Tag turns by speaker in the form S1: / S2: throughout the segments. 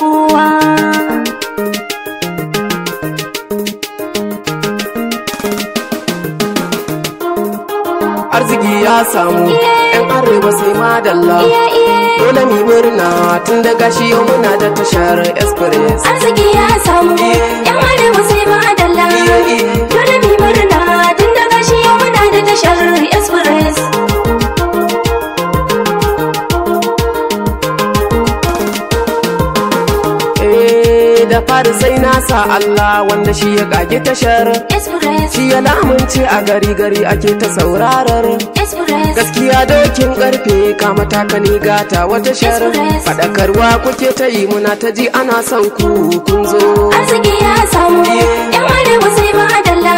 S1: kowa arziki ya samu yan arewa sai madalla dole mu murna tun daga shi yau muna da tashar express
S2: arziki ya samu
S1: da sai na sa Allah wanda shi ya kage tashar shi ya lamunci a gari gari ake ta saurarar gaskiya dokin karfe ka ka ne gata wata shar fadakarwa kuke ta yi muna ta ji ana son ku kun zo arziki ya samu
S2: yan ba sai ba
S1: dalla.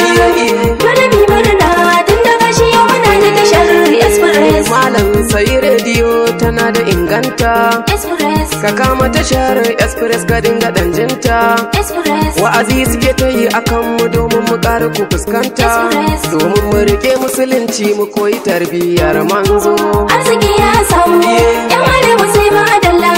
S1: bari bi murna tun da shi yau muna da tashar express malam sai rediyo tana da inganta express ka kama tashar express ka dinga danjinta wa'azi suke ta yi akan mu domin mu ƙara ku fuskanta domin mu rike musulunci mu koyi tarbiyyar manzo arziki ya samu yan sai ma adalla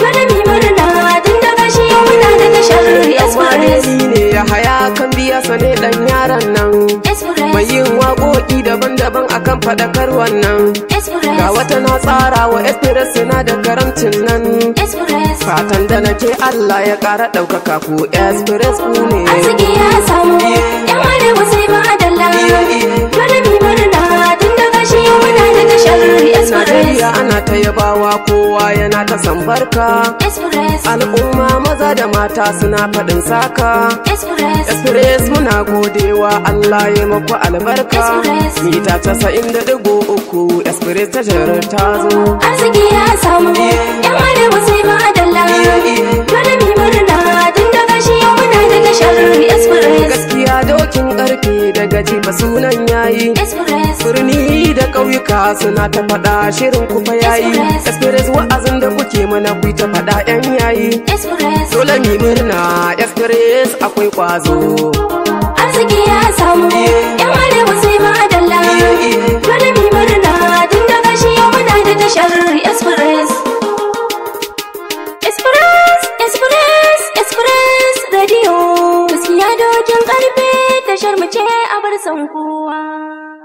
S1: malami murna tun daga shi muna da tashar express ne ya haya kan biya sane dan yaran nan mai yin waƙoƙi daban-daban akan faɗakar wannan wata na tsara wa express na da karamcin nan fatan da nake Allah ya kara ɗaukaka ku express ku ne a ya samu yan ana ta yabawa kowa yana ta sambarka al'umma maza da mata suna faɗin saka express muna godewa allah ya maku albarka mita casa'in da uku express ta jarar ta zo arziki ya samu gaji ba sunan yayi birni da ƙauyuka suna ta faɗa shirin ku fa yayi express wa'azin da kuke mana ku ta faɗa yan yayi dole mi murna express akwai kwazo arziki ya samu yan arewa sai ma dalla dole mi murna
S2: tun da gashi ya muna da tashar express express express express radio gaskiya dokin karfe tashar mu ce a bar san kowa.